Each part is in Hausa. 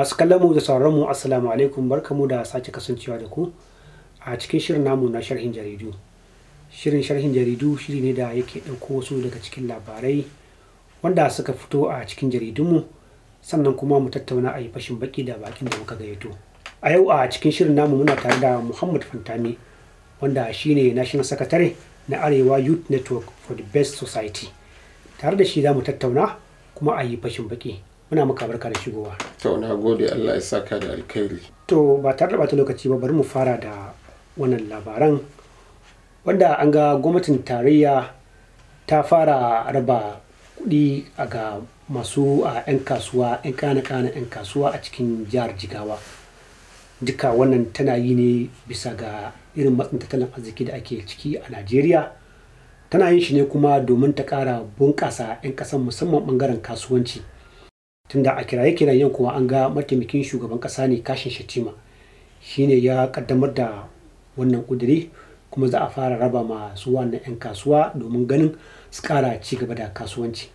masu kallon mu da sauraron mu assalamu alaikum barkamu da sake kasancewa da ku a cikin shirin namu na sharhin jaridu shirin sharhin jaridu shiri ne da yake ɗauko wasu daga cikin labarai wanda suka fito a cikin jaridunmu sannan kuma mu tattauna a yi fashin baki da bakin da muka gayyato a yau a cikin shirin namu muna tare da muhammad fantami wanda shine national secretary na arewa youth network for the best society tare da shi za mu tattauna kuma a yi fashin baki muna maka barka da shigowa to na gode Allah ya saka da alkhairi to ba tare da bata lokaci ba bari mu fara da wannan labaran wanda an ga gwamnatin tarayya ta fara raba kuɗi ga masu a 'yan kasuwa 'yan kana-kana 'yan kasuwa a cikin jihar jigawa duka wannan tana yi ne bisa ga irin matsin tattalin arziki da ake ciki a najeriya tana yin shi ne kuma domin ta kara bunƙasa 'yan ƙasan musamman ɓangaren kasuwanci tunda a kiraye kirayen kuwa an ga mataimakin shugaban kasa ne kashin shatima shine ya kaddamar da wannan kuduri kuma za a fara raba masu wannan 'yan kasuwa domin ganin su kara ci gaba da kasuwanci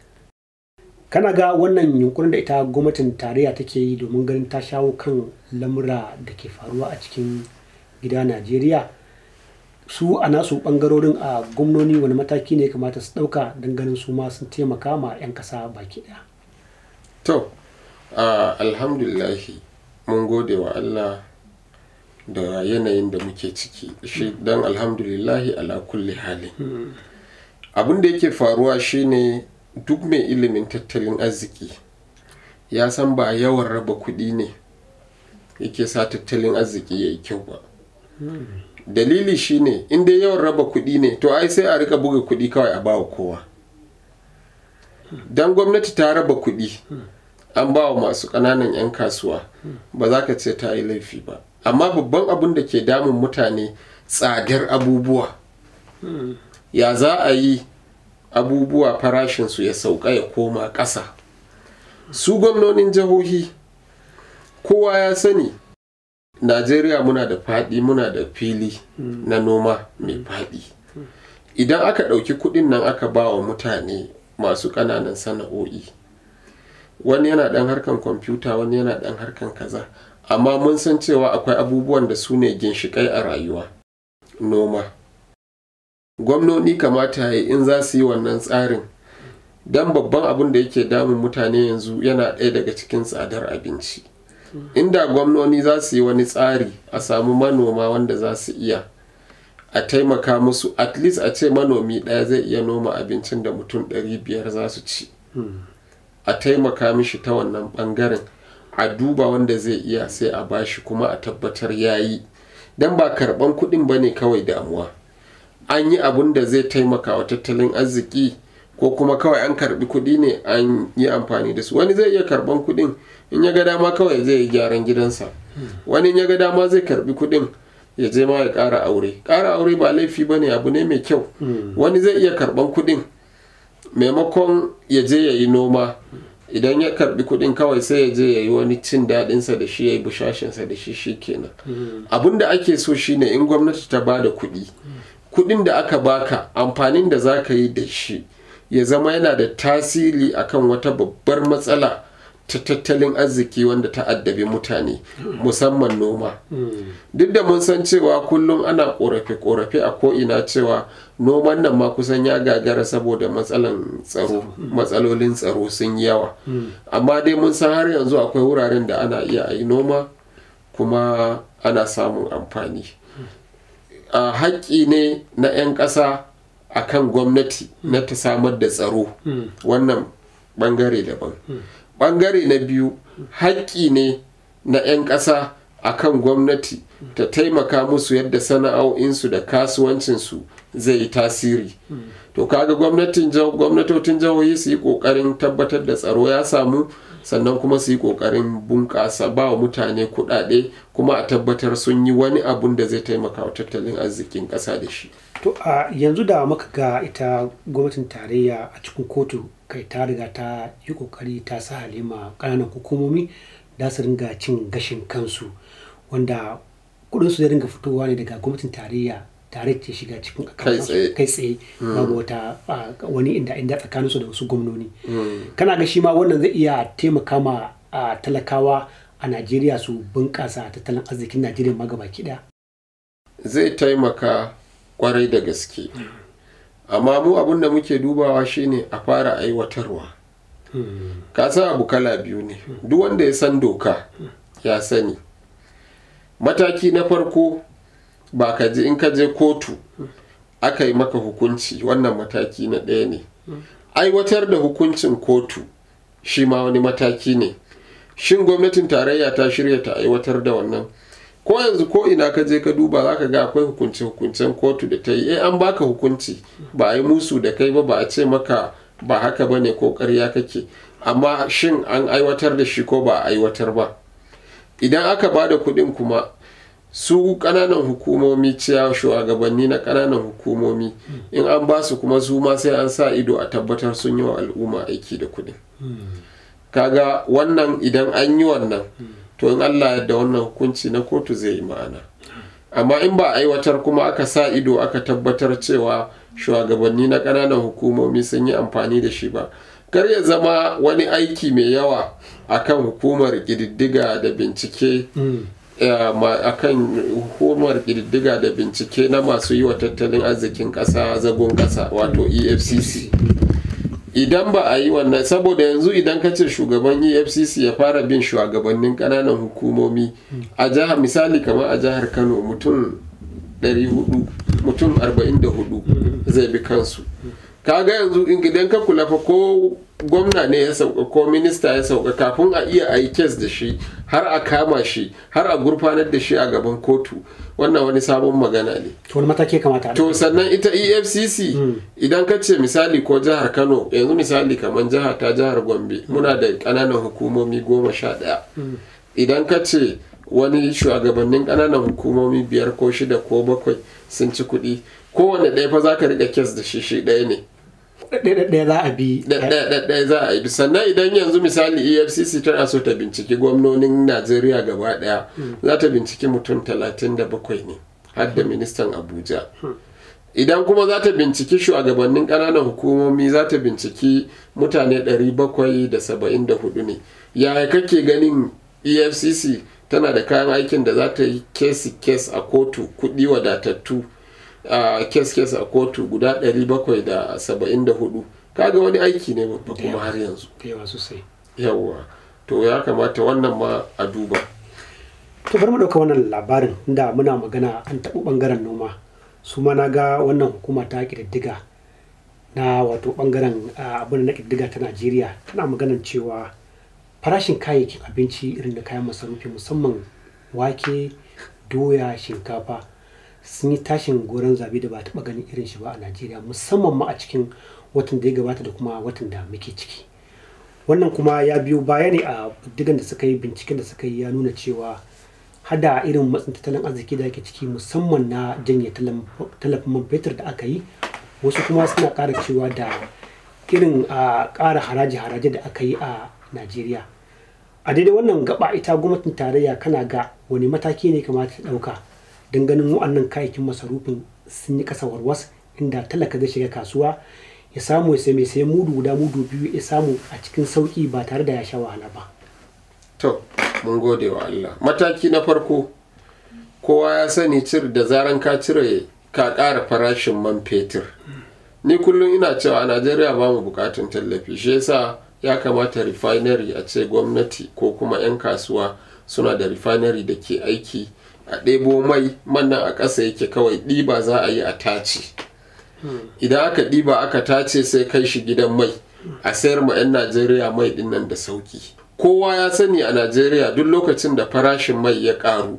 kana ga wannan yunkurin da ita gwamnatin tarayya take yi domin ganin ta shawo kan lamura da ke faruwa a cikin gida najeriya su a nasu bangarorin a gwamnoni wani mataki ne kamata su ɗauka don ganin su ma sun taimaka ma 'yan kasa baki ɗaya. to alhamdulillahi mun gode wa allah da yanayin da muke ciki shi don alhamdulillahi ala kulli hali abin da yake faruwa shine duk mai ilimin tattalin arziki ya san ba yawan raba kuɗi ne yake sa tattalin arziki ya yi kyau ba dalili shine in dai yawan raba kuɗi ne to ai sai a rika buga kuɗi kawai a bawa kowa don gwamnati ta raba kuɗi an ba wa masu ƙananan 'yan kasuwa ba za ka ce ta yi laifi ba amma babban abin da ke damun mutane tsadar abubuwa ya za a yi abubuwa farashinsu ya sauka ya koma ƙasa su gwamnonin jihohi kowa ya sani najeriya muna da faɗi muna da fili na noma mai faɗi idan aka ɗauki kuɗin nan aka ba wa mutane masu ƙananan sana'o'i wani yana ɗan harkan kwamfuta wani yana ɗan harkan kaza amma mun san cewa akwai abubuwan da su ne ginshiƙai a rayuwa noma gwamnoni kamata ya yi in za su yi wannan tsarin don babban abin da yake damun mutane yanzu yana ɗaya daga cikin tsadar abinci inda gwamnoni za su yi wani tsari a samu manoma wanda za su iya a taimaka musu at least a ce manomi ɗaya zai iya noma abincin da mutum 500 za su ci a taimaka mishi ta wannan ɓangaren a duba wanda zai iya sai a bashi kuma a tabbatar ya yi don ba karɓan kuɗin ba ne kawai damuwa an yi abun da zai taimaka wa tattalin arziki ko kuma kawai an karɓi kuɗi ne an yi amfani da su wani zai iya karɓan kuɗin in ya ga dama kawai zai yi gyaran gidansa wani in ya ga dama zai karɓi kuɗin ya je ma ya kara aure kara aure ba laifi ba ne abu ne mai kyau hmm. wani zai iya karɓan kuɗin maimakon ya je ya yi noma idan ya karbi kuɗin kawai sai ya je ya yi wani cin daɗinsa da shi ya yi bushashinsa da shi shi kenan hmm. abin da ake so shine in gwamnati ta bada kuɗi kuɗin da aka baka amfanin da za ka yi da shi ya zama yana da tasiri akan wata babbar matsala ta tattalin arziki wanda ta addabi mutane musamman noma duk da mun san cewa kullum ana korafe-korafe a ko'ina cewa noman nan ma kusan ya gagara saboda matsalolin tsaro sun yawa amma dai mun san har yanzu akwai wuraren da ana iya yi noma kuma ana samun amfani a haƙƙi ne na 'yan ƙasa a kan gwamnati na ta samar da tsaro wannan bangare daban bangare na biyu haƙƙi ne na 'yan ƙasa a kan gwamnati ta taimaka musu yadda sana'o'insu da kasuwancinsu zai yi tasiri to kaga gwamnatocin jihohi su yi ƙoƙarin tabbatar da tsaro ya samu sannan kuma su yi ƙoƙarin bunƙasa ba wa mutane kuɗaɗe kuma a tabbatar sun yi wani abun da zai taimaka wa tattalin arzikin ƙasa da shi to a yanzu da muka ga ita gwamnatin tarayya a cikin kotu kai ta riga ta yi kokari ta sa halima ƙananan hukumomi da su ringa cin gashin kansu wanda kudin su zai ringa fitowa ne daga gwamnatin tarayya tare ce shiga cikin kai tsaye hmm. babu wata wani inda inda tsakanin su da wasu gwamnoni hmm. kana ga shi ma wannan zai iya taimaka ma talakawa a Najeriya su bunƙasa tattalin arzikin Najeriya ma gaba ɗaya zai taimaka kwarai da gaske amma mu abin da muke dubawa shine a fara aiwatarwa ka san abu kala biyu ne duk wanda ya san doka ya sani mataki na farko ba ka je in ka je kotu aka yi maka hukunci wannan mataki na ɗaya ne aiwatar da hukuncin kotu shi ma wani mataki ne shin gwamnatin tarayya ta shirya ta aiwatar da wannan ko yanzu ko ina ka je ka duba za ka ga akwai hukunci hukuncen kotu da ta yi eh an baka hukunci ba a yi musu da kai ba ba a ce maka ba haka ba ne ko karya kake amma shin an aiwatar da shi ko ba a aiwatar ba idan aka ba da kuɗin kuma su kananan hukumomi ciya shugabanni na ƙananan hukumomi in an ba su kuma su ma sai an sa ido a tabbatar sun yi wa al'umma aiki da kuɗin hmm. kaga wannan idan an yi wannan hmm. to in Allah yadda wannan hukunci na kotu zai yi ma'ana amma in ba aiwatar kuma aka sa ido aka tabbatar cewa shugabanni na ƙananan hukumomi sun yi amfani da shi ba kar ya zama wani aiki mai yawa akan hukumar ƙididdiga da bincike hmm. eh, hukumar ƙididdiga da bincike na masu yi wa tattalin arzikin ƙasa zagon ƙasa wato efcc idan ba a yi wannan saboda yanzu idan ka ce shugaban efcc ya fara bin shugabannin kananan hukumomi a jihar misali kamar a jihar kano mutum 44 zai bi kansu ga yanzu idan ka kula fa ko gwamna ne ya sauka ko minista ya sauka kafin a iya a yi kes da shi har a kama shi har a gurfanar da shi a gaban kotu wannan wani sabon magana ne to sannan ita efcc hmm. idan ka ce misali ko jihar kano yanzu misali kamar jiha ta jihar gombe hmm. muna da kananan hukumomi goma sha daya hmm. idan ka ce wani shugabannin kananan hukumomi biyar ko shida ko bakwai sun ci kuɗi kowane ɗaya fa za ka riƙa kes da shi shi ɗaya ne ɗaya za a bi ɗaya za a bi sannan idan yanzu misali efcc tana so ta binciki gwamnonin najeriya gaba ɗaya za ta binciki mutum 37 ne har da ministan abuja idan kuma za ta binciki shugabannin ƙananan hukumomi za ta binciki mutane 774 ne yaya kake ganin efcc tana da kayan aikin da za ta yi kesi kes a kotu kuɗi wadatattu a kes-kes a kotu guda 774 kaga wani aiki ne babba kuma har yanzu yawwa to ya kamata wannan ma a duba to bari mu dauka wannan labarin da muna magana an taɓa bangaren noma su ma na ga wannan hukuma ta kididdiga na wato bangaren abin na kididdiga ta najeriya tana maganan cewa farashin kayayyakin abinci irin da kayan masarufi musamman wake doya shinkafa sun yi tashin goron zabe da ba taɓa ganin irin shi ba a najeriya musamman ma a cikin watan da ya gabata da kuma watan da muke ciki wannan kuma ya biyo baya ne a digan da suka yi binciken da suka yi ya nuna cewa hada irin matsin tattalin arziki da ake ciki musamman na janye tallafin man fetur da aka yi wasu kuma suna kara cewa da irin a ƙara haraji-haraji da aka yi a najeriya a daidai wannan gaba ita gwamnatin tarayya kana ga wani mataki ne kamata ta ɗauka don ganin wa'annan kayayyakin masarufin sun yi kasa warwas inda talaka zai shiga kasuwa ya samu ya sai mai mudu guda mudu biyu ya samu a cikin sauki ba tare da ya sha wahala ba to mun gode wa Allah mataki na farko kowa ya sani cir da zaran ka cire ka ƙara farashin man fetur ni kullum ina cewa a najeriya ba mu bukatun tallafi shi yasa ya kamata refinery a ce gwamnati ko kuma 'yan kasuwa suna da refinery da ke aiki a ɗebo mai mannan a ƙasa yake kawai ɗiba za a yi a tace idan aka ɗiba aka tace sai kai shi gidan mai a sayar ma 'yan najeriya mai ɗin nan da sauki kowa ya sani a najeriya duk lokacin da farashin mai ya ƙaru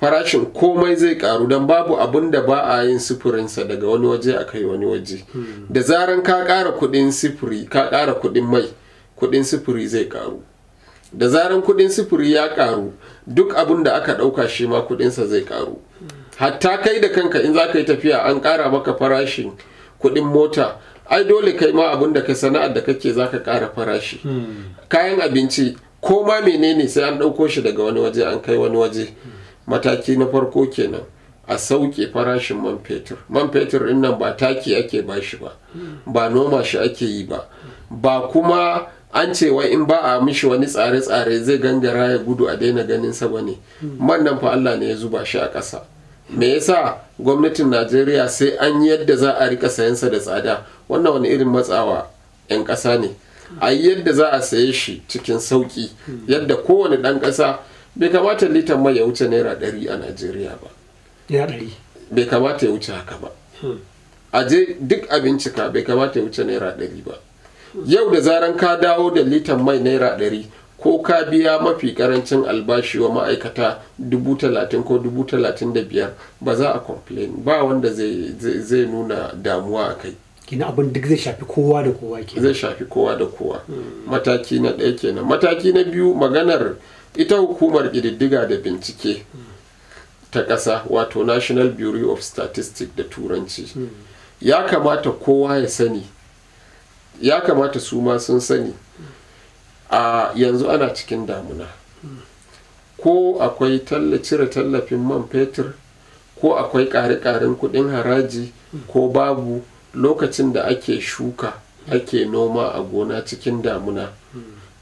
farashin komai zai ƙaru don babu abin da ba a yin sufurinsa daga wani waje a kai wani waje da zaran ka ƙara kuɗin sufuri ka ƙara kuɗin mai kuɗin sufuri zai ƙaru. da zaran kudin sufuri ya karu duk abin da aka dauka shi ma kudinsa zai karu hatta kai da kanka in za ka yi tafiya an kara maka farashin kudin mota ai dole kai ma abin da ka sana'ar da kake za ka kara farashi hmm. kayan abinci ko ma menene sai an dauko shi daga wani waje an kai wani waje mataki na farko kenan a sauke farashin man fetur man fetur in nan ba taki ake bashi ba hmm. ba noma shi ake yi ba ba kuma an ce wai in ba a mishi wani tsare-tsare zai gangara ya gudu a daina ganin sa bane man nan fa Allah ne ya zuba shi a ƙasa me yasa gwamnatin Najeriya sai an yadda za a rika sayan sa da tsada wannan wani irin matsawa 'yan ƙasa ne a yadda za a saye shi cikin sauki yadda kowane ɗan ƙasa bai kamata litan mai ya wuce naira ɗari a Najeriya ba bai kamata ya wuce haka ba hmm. a je duk abincika bai kamata ya wuce naira ɗari ba yau da zaran ka dawo da litan mai naira ɗari ko ka biya mafi karancin albashi wa ma'aikata dubu talatin ko dubu talatin da biyar ba za a complain ba wanda zai nuna damuwa a kai kina abin duk zai shafi kowa da kowa ke zai shafi kowa da kowa mataki na ɗaya kenan mataki na biyu maganar ita hukumar ƙididdiga da bincike ta ƙasa wato national bureau of statistics da turanci hmm. ya kamata kowa ya sani ya kamata su ma sun sani a yanzu ana cikin damuna ko akwai cire tallafin man fetur ko akwai ƙare-ƙaren kuɗin haraji ko babu lokacin da ake shuka ake noma a gona cikin damuna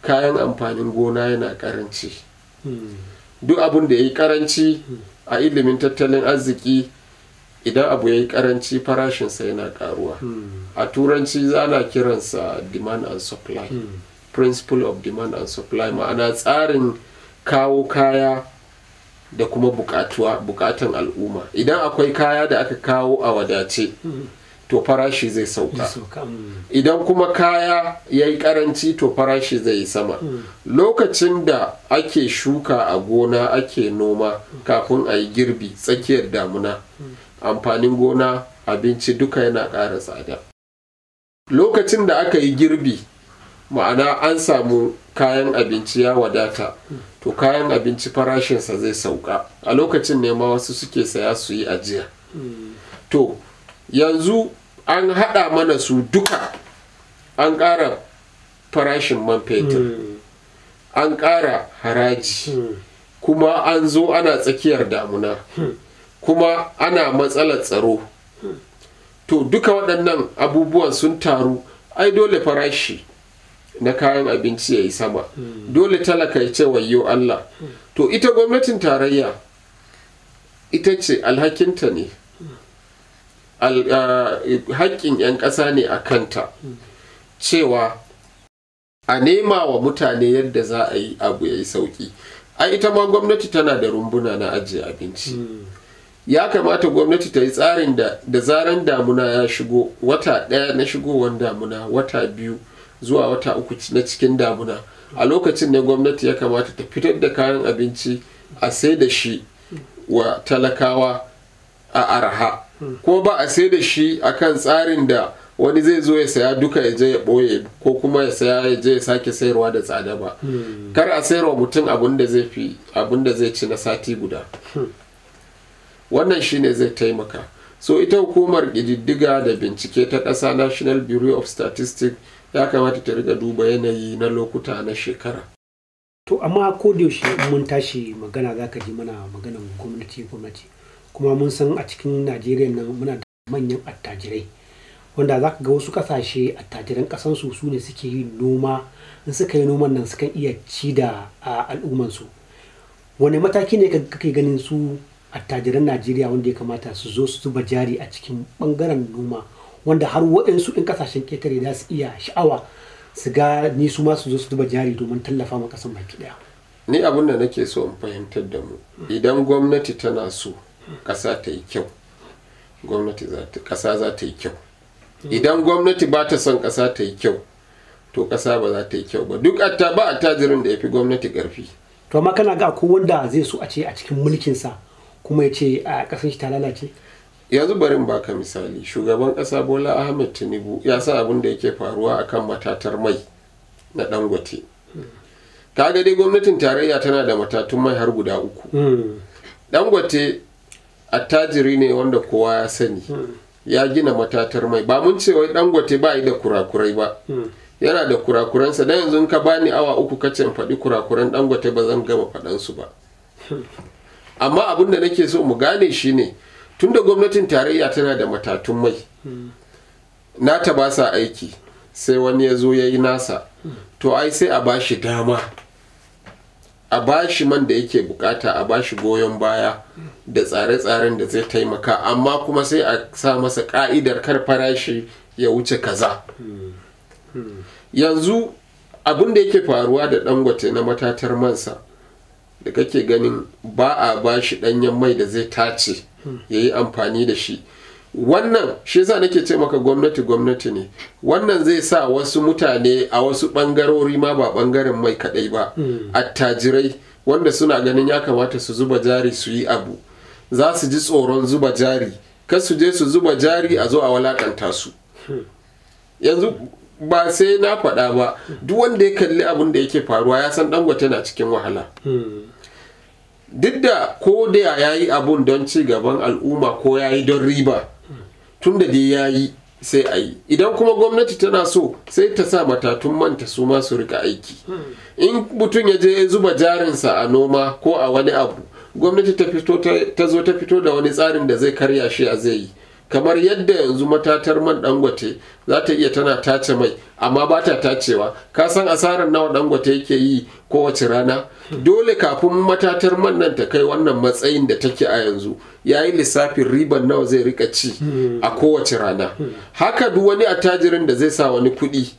kayan amfanin gona yana karanci hmm. duk abin da ya yi karanci a ilimin tattalin arziki idan abu ya yi karanci farashinsa yana karuwa hmm. a turanci ana kiransa demand and supply hmm. principle of demand and supply ma'ana tsarin kawo kaya da kuma bukatuwa bukatan al'umma idan akwai kaya da aka kawo a wadace hmm. to farashi zai sauka idan kuma kaya ya yi karanci to farashi zai yi sama lokacin da ake shuka a gona ake noma kafin a yi girbi tsakiyar damuna amfanin gona abinci duka yana ƙara tsada lokacin da aka yi girbi ma'ana an samu kayan abinci ya wadata to kayan abinci farashinsa zai sauka a lokacin ne ma wasu suke saya su yi ajiya to yanzu an haɗa mana su duka an ƙara farashin man fetur an ƙara haraji kuma an zo ana tsakiyar damuna kuma ana matsalar tsaro to duka waɗannan abubuwan sun taru ai dole farashi na kayan abinci ya yi sama dole talaka ya ce wayo Allah to ita gwamnatin tarayya ita ce alhakinta ne haƙƙin 'yan ƙasa ne a kanta cewa a nema wa mutane yadda za a yi abu ya yi sauƙi a ita ma gwamnati tana da rumbuna na ajiye abinci ya kamata gwamnati ta yi tsarin da da zaran damuna ya shigo wata ɗaya na shigowar damuna wata biyu zuwa wata uku na cikin damuna a lokacin da gwamnati ya kamata ta fitar da kayan abinci a sai da shi wa talakawa a arha ko ba a sai da shi akan tsarin da wani zai zo ya saya duka ya je ya ɓoye ko kuma ya saya ya je ya sake sayarwa da tsada ba hmm. kar a sayarwa mutum abin da zai ci na sati guda wannan shine zai taimaka so ita hukumar ƙididdiga da bincike ta ƙasa national bureau of statistics ya kamata ta riga duba yanayi na lokuta na shekara to amma ko da yaushe mun tashi magana za ka ji mana maganan gwamnati gwamnati kuma mun san a cikin najeriya nan muna da manyan attajirai wanda za ka ga wasu kasashe attajiran kasansu su ne suke yi noma in suka yi noman nan suka iya ci da al'ummansu wani mataki ne kake ganin su attajiran najeriya wanda ya kamata su zo su zuba jari a cikin bangaren noma wanda har waɗansu ɗin ƙasashen ƙetare za su iya sha'awa su ga ni su ma su zo su zuba jari domin tallafa ma ƙasan baki ɗaya ni abin da nake so in fahimtar da mu idan gwamnati tana so ƙasa ta yi kyau gwamnati ƙasa za ta yi kyau idan gwamnati ba ta son ƙasa ta yi kyau to ƙasa ba za ta yi kyau ba duk ba attajirin da ya fi gwamnati ƙarfi to amma kana ga ko wanda zai so a ce a cikin mulkin sa. kuma ya ce a ƙasar shi ta lalace yanzu barin baka misali shugaban ƙasa bola ahmed tinubu ya sa abin da yake faruwa akan matatar mai na dangote kaga dai gwamnatin tarayya tana da matatun mai har guda uku hmm. dangote attajiri ne wanda kowa ya sani hmm. ya gina matatar mai ba mun ce wai dangote ba yi da kurakurai ba hmm. yana da kurakuransa dan yanzu ka bani awa uku kacin faɗi kurakuran dangote ba zan gama faɗansu ba amma abin da nake so mu gane shi ne tun da gwamnatin tarayya tana da matatun mai nata ba sa aiki sai wani ya zo ya yi nasa to ai sai a ba shi dama a ba shi man da yake bukata a ba shi goyon baya da tsare-tsaren da zai taimaka amma kuma sai a sa masa ka'idar kar farashi ya wuce kaza yanzu abin da yake faruwa da dangote na matatar mansa da kake ganin ba a ba shi ɗanyen mai da zai tace hmm. ya yi amfani da shi wannan shi yasa nake ce maka gwamnati gwamnati ne wannan zai sa wasu mutane a wasu ɓangarori ma ba ɓangaren mai kaɗai ba hmm. attajirai wanda suna ganin ya kamata su zuba jari su yi abu za su ji tsoron zuba jari kar su je su zuba jari a zo a walakanta su hmm. yanzu ba sai na faɗa ba duk wanda ya kalli abin da yake faruwa ya san dangote na cikin wahala duk da ko da ya yi abun don ci gaban al'umma ko ya yi don riba tun da dai ya yi sai a yi idan kuma gwamnati tana so sai ta sa matatun manta su ma su rika aiki in mutum ya je zuba jarinsa a noma ko a wani abu gwamnati ta zo ta fito da wani tsarin da zai karya shi a zai yi kamar yadda yanzu matatar man dangote za ta iya tana tace mai amma ba ta tacewa ka san asarar nawa dangote yake yi kowace rana dole kafin matatar man nan ta kai wannan matsayin da take a yanzu ya yi lissafin riban nawa zai rika ci a kowace rana haka duk wani attajirin da zai sa wani kuɗi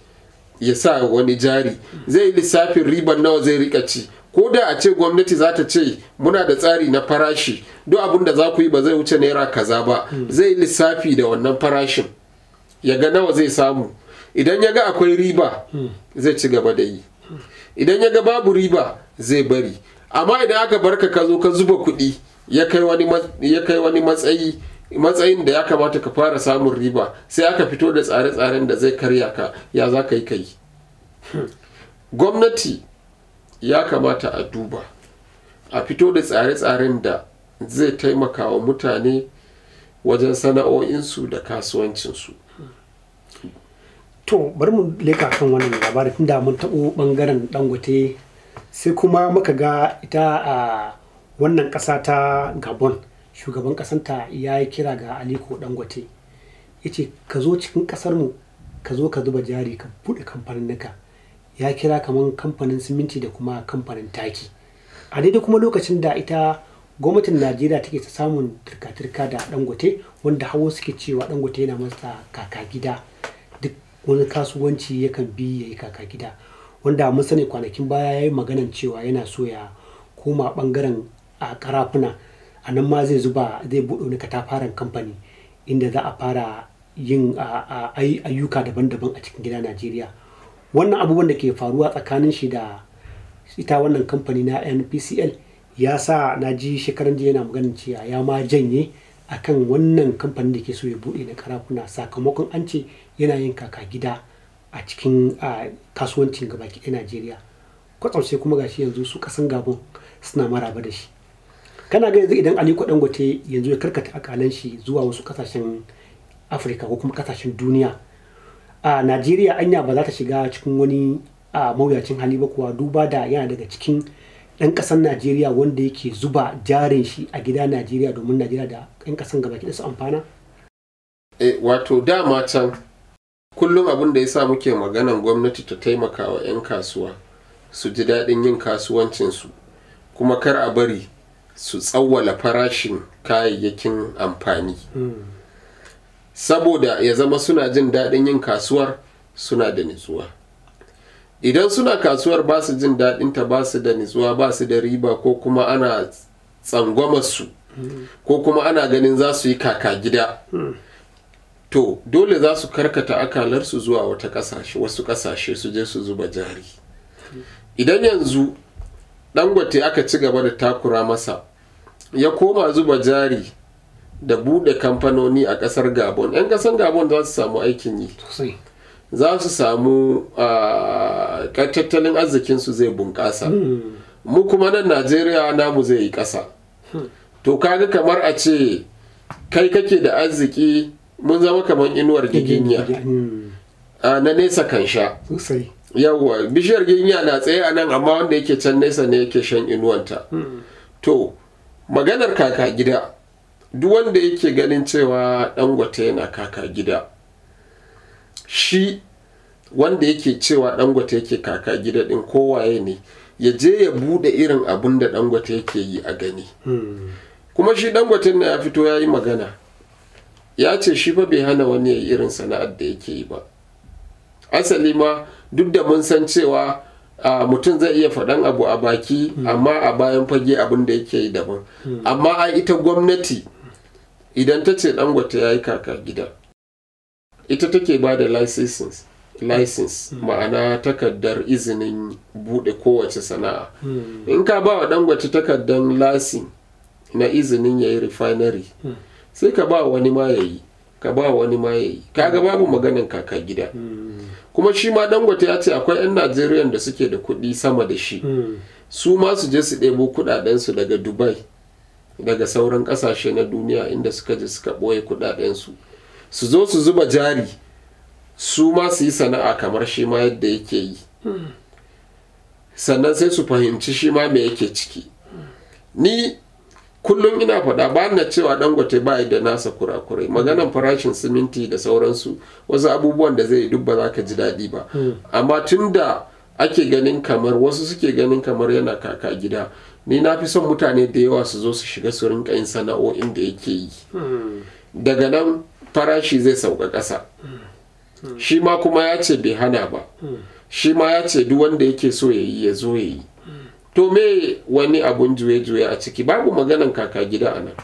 ya sa wani jari zai lissafin riban nawa zai rika ci ko da a ce gwamnati za ta ce muna da tsari na farashi duk abin da za ku yi ba zai wuce naira kaza ba hmm. zai lissafi da wannan farashin ya ga nawa zai samu idan ya ga akwai riba hmm. zai ci gaba da yi hmm. idan ya ga babu riba zai bari amma idan aka barka ka zo ka zuba kuɗi ya kai wani matsayi matsayin da ya kamata ka fara samun riba sai aka fito da tsare-tsaren da zai karya ka ya za ka yi ka yi gwamnati ya kamata a duba a fito da tsare-tsaren da zai taimaka wa mutane wajen sana'o'insu da kasuwancinsu to bari mu leka kan wannan labari tun da mun taɓo ɓangaren ɗangote sai kuma muka ga ita a wannan ƙasa ta gabon shugaban ƙasanta ya yi kira ga aliko dangote ya ce ka zo cikin ƙasarmu ka zo ka zuba jari ka buɗe kamfanin ya kira kamar kamfanin siminti da kuma kamfanin taki a daidai kuma lokacin da ita gwamnatin najeriya take ta samun turka-turka da dangote wanda hawa suke cewa dangote yana masa kaka gida duk wani kasuwanci yakan bi ya yi kaka gida wanda mun sani kwanakin baya ya yi maganan cewa yana so ya koma bangaren a karafuna a nan ma zai zuba zai buɗe wani katafaren kamfani inda za a fara yin ayyuka daban-daban a cikin gida najeriya wannan abubuwan da ke faruwa tsakanin shi da ita wannan kamfani na npcl ya sa na ji shekaran jiya yana maganin cewa ya ma janye a kan wannan kamfanin da ke so ya buɗe na karafuna sakamakon an ce yana yin kaka gida a cikin kasuwancin gaba ɗaya najeriya kwatsaushe kuma gashi yanzu su kasan gabon suna maraba da shi kana ga yanzu idan aliko dangote yanzu ya karkata akalan shi zuwa wasu kasashen afirka ko kuma kasashen duniya a najeriya anya ba za ta shiga cikin wani a mawuyacin hali ba kuwa duba da yana daga cikin ɗan ƙasar najeriya wanda yake zuba jarin shi a gida najeriya domin najeriya da 'yan gaba gabaki da su amfana e, wato dama can kullum abin da ya sa muke maganan gwamnati ta taimaka wa 'yan kasuwa su ji daɗin yin kasuwancinsu kuma kar a bari su tsawwala farashin kayayyakin amfani. Hmm. saboda ya zama suna jin daɗin yin kasuwar suna da nitsuwa idan suna kasuwar ba su jin daɗin ta ba su da nitsuwa ba su da riba ko kuma ana su ko kuma ana ganin za su yi kaka gida to dole za su karkata akalarsu zuwa wata kasashe wasu kasashe su je su zuba jari idan yanzu dangote aka ci gaba da takura masa ya koma zuba jari da buɗe kamfanoni a ƙasar gabon 'yan ƙasar gabon za su samu aikin yi za su samu tattalin arzikinsu zai bunƙasa hmm. mu kuma nan najeriya namu zai yi ƙasa hmm. to kaga kamar a ce kai kake da arziki mun zama kamar inuwar giginya hmm. na nesa kan sha yawwa bishiyar giginya na tsaye a nan amma wanda yake can nesa ne yake shan inuwanta to maganar kaka gida duk wanda yake ganin cewa dangote yana kaka gida shi wanda yake cewa dangote yake kaka gida din kowaye ne ya je ya bude irin abun da dangote yake yi a gani kuma shi dangote na ya fito ya yi magana ya ce shi fa bai hana wani ya yi irin sana'ar da yake yi ba asali ma duk da mun san cewa Uh, mutum zai iya faɗan abu a baki hmm. amma a bayan fage abin da yake yi daban hmm. amma a ita gwamnati idan ta ce dangote ya yi kaka gida ita take ba da license hmm. ma'ana takardar izinin buɗe kowace sana'a hmm. in ka ba wa dangote takardar lasin na izinin ya yi refinery hmm. sai ka ba wani ma ya yi ka ba wani ma ya yi kaga babu maganin kaka gida kuma shi ma dangote ya ce akwai 'yan najeriya da suke da kuɗi sama da shi su ma su je su ɗebo kuɗaɗensu daga dubai daga sauran kasashe na duniya inda suka je suka ɓoye kudadensu su zo su zuba jari su ma su yi sana'a kamar shi ma yadda yake yi sannan sai su fahimci shi ma me yake ciki ni kullum ina faɗa ba na cewa dangote ba da nasa kurakurai maganan farashin siminti da sauransu wasu abubuwan da zai duk ba za ka ji daɗi ba hmm. amma tun ake ganin kamar wasu suke ganin kamar yana kaka gida ni na fi son mutane da yawa su zo su shiga su rinka yin sana'o'in da yake yi daga nan farashi zai sauka ƙasa shi ma kuma ya ce bai hana ba shi ma ya ce duk wanda yake so ya yi ya zo ya yi to me wani abun juye-juye a ciki babu maganan kaka gida a nan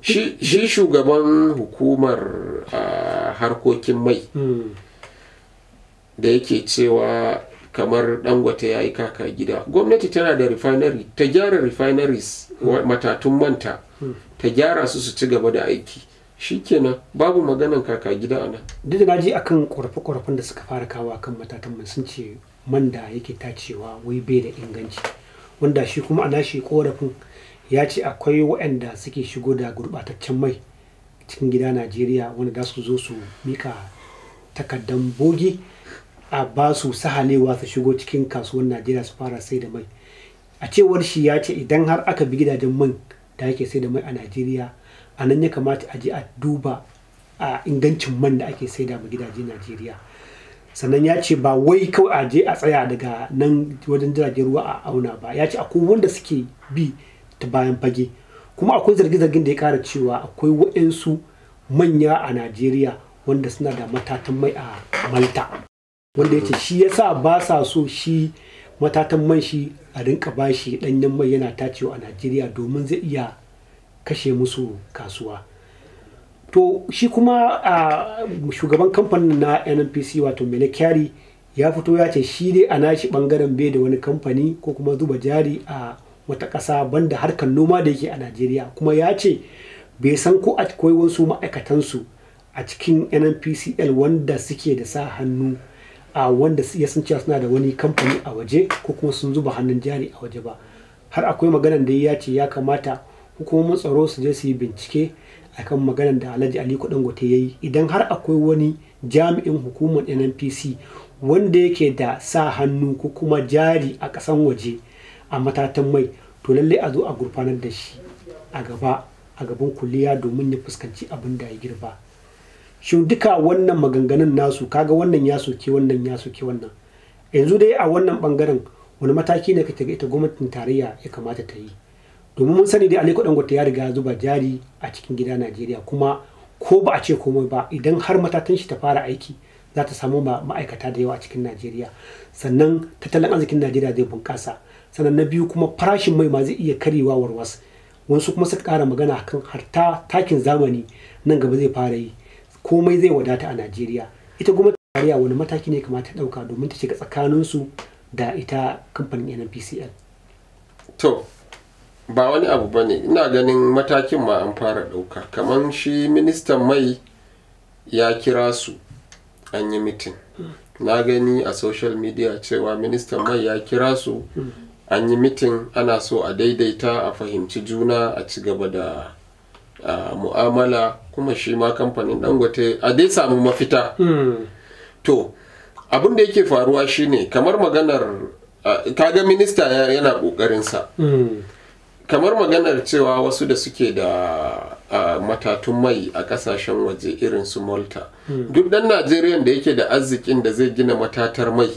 shi shugaban hukumar ah, harkokin mai hmm. da yake cewa kamar dangote ya yi kaka gida gwamnati tana da refinery ta gyara refineries matatun manta ta gyara su su ci gaba da aiki shikenan babu maganan kaka gida a nan duk da ji akan korafe-korafen da suka fara kawo akan matatan man sun ce man da yake tacewa wai bai da inganci wanda shi kuma a nashi korafin ya ce akwai waɗanda suke shigo da gurɓataccen mai cikin gida najeriya wanda za su zo su mika takardan bogi a ba su sahalewa su shigo cikin kasuwar najeriya su fara sai da mai a cewar shi ya ce idan har aka bi gidajen man da ake sai da mai a najeriya a nan ya kamata a je a duba a ingancin man da ake sai da gidajen najeriya sannan ya ce ba wai kawai a je a tsaya daga nan wajen jiragen ruwa a auna ba ya ce akwai wanda suke bi ta bayan fage kuma akwai zargi zargin da ya kara cewa akwai waɗansu manya a najeriya wanda suna da matatan mai a malta wanda ya ce shi yasa ba sa so shi matatan man shi a rinka bashi danyen mai yana tacewa a najeriya domin zai iya kashe musu kasuwa to shi kuma a shugaban kamfanin na nnpc wato Melekari ya fito ya ce shi dai a nashi bangaren bai da wani kamfani ko kuma zuba jari a wata ƙasa banda harkar noma da yake a najeriya kuma ya ce bai san ko akwai wasu ma'aikatansu a cikin nnpcl wanda suke da sa hannu a wanda ya sun cewa suna da wani kamfani a waje ko kuma sun zuba hannun jari a waje ba har akwai maganan da ya ce ya kamata hukumomin tsaro su je su yi bincike akan maganan da alhaji aliko gwate ya yi idan har akwai wani jami'in hukumar nnpc wanda yake da sa hannu ko kuma jari a kasan waje a matatan mai to lallai a zo a gurfanar da shi a gaba a gaban kuliya domin ya fuskanci abin da ya girba shin duka wannan maganganun nasu kaga wannan ya soke wannan ya soke wannan yanzu dai a wannan bangaren wani mataki ne kake ga ita gwamnatin tarayya ya kamata ta yi domin mun sani dai aliko dangote ya riga zuba jari a cikin gida najeriya kuma ko ba a ce komai ba idan har matatan shi ta fara aiki za ta samu ma'aikata da yawa a cikin najeriya sannan tattalin arzikin najeriya zai bunƙasa sannan na biyu kuma farashin mai ma zai iya karewa warwas wasu kuma suka kara magana akan har ta takin zamani nan gaba zai fara yi komai zai wadata a najeriya ita kuma tarayya wani mataki ne kamata ta ɗauka domin ta shiga tsakaninsu da ita kamfanin nnpcl to ba wani abu ba ne ina ganin matakin ma an fara ɗauka kamar shi ministan mai ya kira su an yi mitin na gani a social media cewa ministan mai ya kira su mm. an yi mitin ana so a daidaita a fahimci juna a ci gaba da mu'amala kuma shi ma kamfanin dangote a dai samu mafita hmm. to abin da yake faruwa shine kamar maganar kaga minista yana kokarinsa hmm. kamar maganar cewa wasu da suke da matatun mai a kasashen waje irin su malta hmm. duk dan najeriya da yake da arzikin da zai gina matatar mai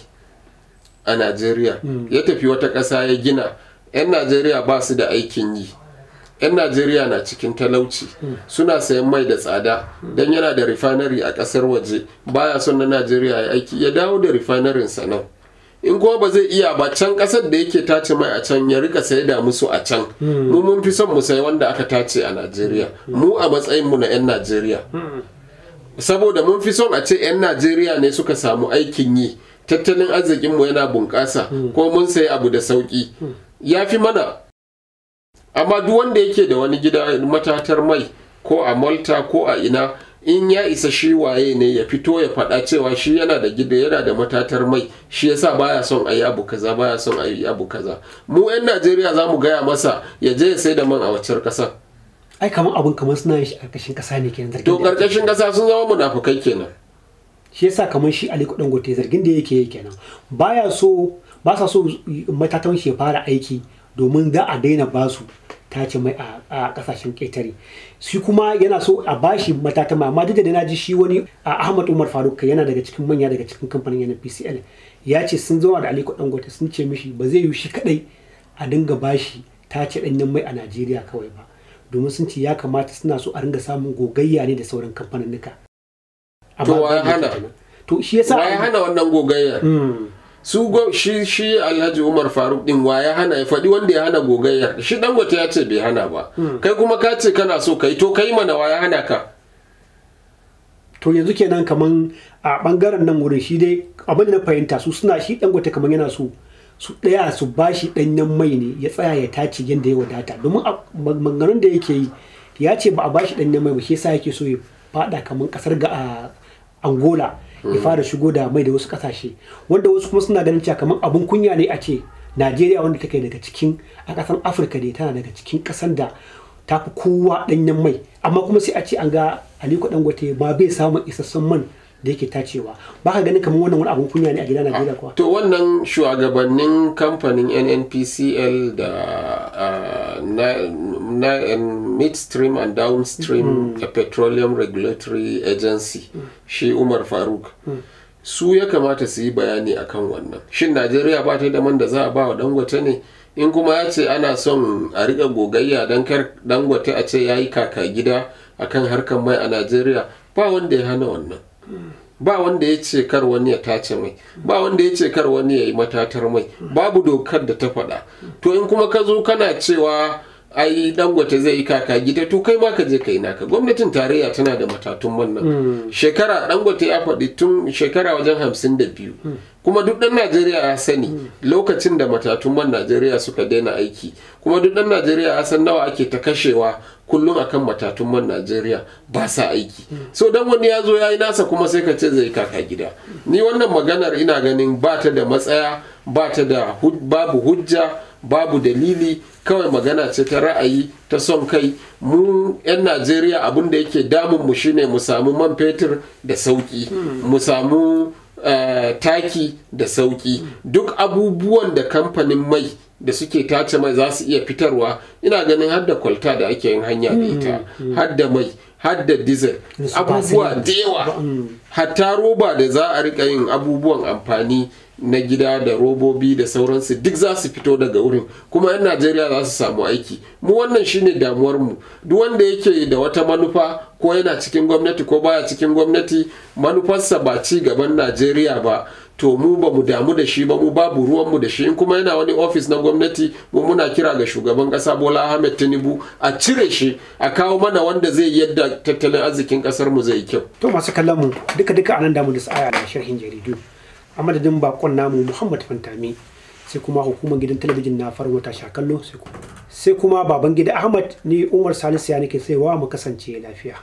a najeriya ya tafi wata kasa ya gina 'yan najeriya ba su da aikin yi 'yan najeriya na cikin talauci suna sayan mai da tsada don yana da rifanari a kasar waje baya son na najeriya ya aiki ya dawo da rifanarin sa nan in kuma ba zai iya ba can kasar da yake tace mai a can ya rika sai da musu a can mu mun fi son mu sayi wanda aka tace a najeriya mu a matsayin mu na 'yan najeriya saboda mun fi son a ce 'yan najeriya ne suka samu aikin yi tattalin arzikinmu yana bunƙasa ko mun sayi abu da sauki ya fi mana amma duk wanda yake da wani gida matatar mai ko a malta ko a ina in ya isa shi waye ne ya fito ya faɗa cewa shi yana da gida yana da matatar mai shi yasa baya son a abu kaza baya son a abu kaza mu 'yan najeriya za mu gaya masa ya je ya sai da man a wacar ƙasa ai kamar abun kamar suna yin shi ƙarƙashin ƙasa ne kenan to ƙarƙashin ƙasa sun zama munafukai kenan shi yasa kamar shi aliku dangote zargin da yake kenan baya so ba sa so matatan shi ya fara aiki domin za a daina basu tace mai a kasashen ƙetare shi kuma yana so a bashi matata ma amma duk da na ji shi wani a Ahmad Umar Faruk yana daga cikin manya daga cikin kamfanin yana PCL ya ce sun zauna da Aliko Dangote sun ce mishi ba zai yi shi kadai a dinga bashi tace ɗanyen mai a Najeriya kawai ba domin sun ce ya kamata suna so a ringa samun gogayya ne da sauran kamfanin To hana to shi yasa hana wannan gogayya hmm. su shi shi alhaji umar faruk din wa ya hana ya faɗi wanda ya hana gogayyar shi dangote ya ce bai hana ba hmm. kai kuma ka ce kana so kai to kai mana wa ya hana ka to yanzu kenan kaman a bangaren nan wurin shi dai abin da na fahimta su suna shi dangote kaman yana so su ɗaya su bashi ɗanyen mai ne ya tsaya ya tace yadda ya wadata domin maganganun da yake yi ya ce ba a bashi ɗanyen mai ba shi yasa yake so ya faɗa kaman ƙasar ga angola ya hmm. fara shigo da mai da wasu kasashe wanda wasu kuma suna ganin cewa kamar abun kunya ne a ce najeriya wanda take daga cikin a kasan afirka ne tana daga cikin kasan da ta fi kowa danyen mai amma kuma sai a ce an ga aliko dangote ma bai samun isassun man da yake tacewa ba ka ganin kamar wannan wani abun kunya ne a gida Najeriya kuwa. To wannan shugabannin kamfanin NNPCL da uh, na, midstream and downstream mm. petroleum regulatory agency mm. shi Umar Faruk. Mm. Su ya kamata su yi bayani akan wannan. Shin Najeriya ba ta da man da za a ba wa Dangote ne? In kuma ya ce ana son a riƙa gogayya don kar Dangote a ce ya yi kaka gida a kan harkar mai a Najeriya ba wanda ya hana wannan. ba wanda ya ce kar wani ya tace mai ba wanda ya ce kar wani ya yi matatar mai babu dokar da ta faɗa to in kuma ka zo kana cewa ai dangote zai yi kaka gida to kai ma ka je kai naka gwamnatin tarayya tana da matatun wannan mm. shekara dangote ya faɗi tun shekara wajen hamsin da biyu mm. kuma duk ɗan najeriya ya sani mm. lokacin da matatun man najeriya suka daina aiki kuma duk ɗan najeriya ya san nawa ake ta kashewa kullum akan matatun man Najeriya ba sa aiki so dan wani ya zo ya yi nasa kuma sai ka ce zai kaka gida ni wannan maganar ina ganin ba ta da matsaya ba ta da babu hujja babu dalili kawai magana ce ta ra'ayi ta son kai mu 'yan najeriya abin da yake damun mu shine mu samu man fetur da sauki mu samu Eh, taki da sauki duk abubuwan da kamfanin mai da suke tace mai za su iya fitarwa ina ganin hadda kwalta da ake yin hanya da mm, ita mm. hadda mai hadda diesel abubuwa da yawa mm. hatta roba da za a rika yin abubuwan amfani na gida da robobi da sauransu duk za su fito daga wurin kuma 'yan najeriya za su samu aiki mu wannan shine mu duk wanda yake da wata manufa ko yana cikin gwamnati ko baya cikin gwamnati manufarsa ba ci gaban najeriya ba to mu ba mu damu da shi ba mu babu ruwanmu da shi in kuma yana wani ofis na gwamnati mu muna kira ga shugaban kasa bola ahmed tinubu a cire shi a kawo mana wanda zai yadda tattalin arzikin kasar mu zai kyau to masu kallon mu duka duka anan damu da sa'aya da sharhin jaridu a madadin bakon namu muhammad fantami sai kuma hukumar gidan talabijin na farwa ta shakallo sai kuma baban gida ahmad ni umar salisu ya nake wa mu kasance lafiya